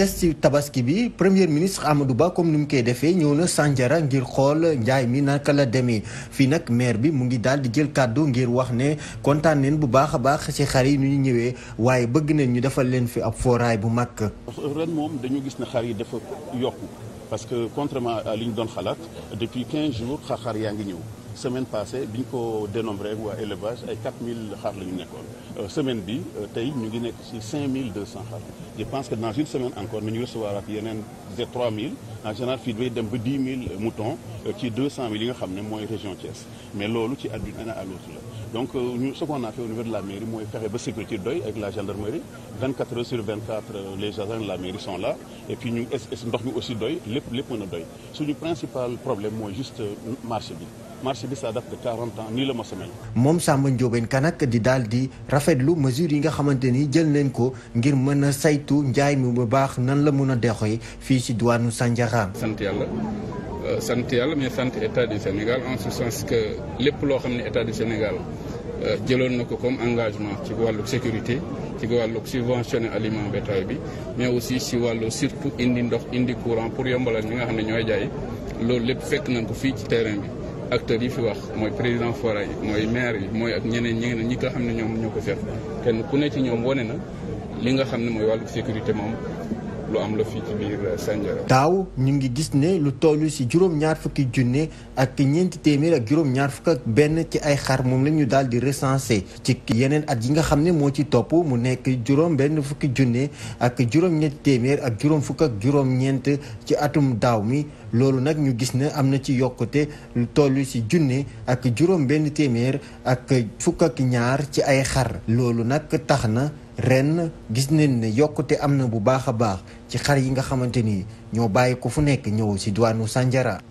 des ci tabaski bi premier ministre amadu Ba comme ni koy defee ñëw na Sandiara ngir xool njaay mi naka la demee fii nag maire bi mu ngi daal di jël kàddu ngir wax ne kontaan neen bu baax a baax ci xar yi nu ñu ñëwee waaye bëgg neen ñu defal leen fi ab fooraay bu mag. ren moom dañu gis ne xar yi dafa yokku parce que contrairement à li ñu doon xalaat depuis 15 jours xar-xar yaa ngi ñëw. semaine passée bi ñu ko dénombré waa élevage ay mille xar la ñu nekkoon euh, semaine bi euh, tey ñu ngi nekk ci 5200 xar je pense que dans une semaine encore nañu recevoir ak yeneen 3000 en général dem ba 10 000 moutons euh, ci 200 000 yi nga xam ne mooy région Thiès mais loolu ci at d'une année à la donc euh, ñu mooy fexe ba sécurité doy avec la gendarmerie 24 heures sur euh, ñu ndox mi aussi doy lépp lépp mën a doy suñu principal problème mooy juste marché bi marché bi ça date de 40 ans nii la ma semel moom Samba Ndiobène Ka di daal di rafetlu mesure yi nga xamante ni jël nañ ko ngir mën a saytu njaay mi bu baax nan la mën a dexoy fii ci diwaanu Sandiara Porokhane. sant yàlla euh, sant yàlla mais sant état du Sénégal en ce sens que lépp loo xam ne état du Sénégal euh, jëloon na ko comme engagement ci wàllu sécurité ci wàllu subventionné aliment bétail bi mais aussi ci wàllu surtout indi ndox indi courant pour yombalal mi nga xam ne ñooy jaay loolu lépp fekk nañ ko fii ci terrain bi. acteur yi fi wax mooy président Fora yi mooy maire yi mooy ak ñeneen ñeneen ñi nga xam ne ñoom ñoo ko fekk kenn ku ne ci ñoom wane na li nga xam ne mooy wàllu sécurité moom lu am euh, daaw ñu ngi gis ne lu tollu ci juróom-ñaar fukki junne ak ñeenti téeméer ak juróom-ñaar fukk ak benn ci ay xar moom la ñu daal di recensé ci yeneen at yi nga xam ne moo ci topp mu nekk juróom-benn fukki junne ak juróom téeméer ak juróom fukk ak juróom-ñeent ci atum daaw mi loolu nag ñu gis ne am na ci yokkute lu toll si junne ak juróom-benn téeméer ak fukk ak ñaar ci ay xar loolu nag tax na. ren gis nañ ne yokkute am na bu baax a baax ci xar yi nga xamante ni ñoo bàyyi ko fu nekk ñëw ci diwaanu Sandiara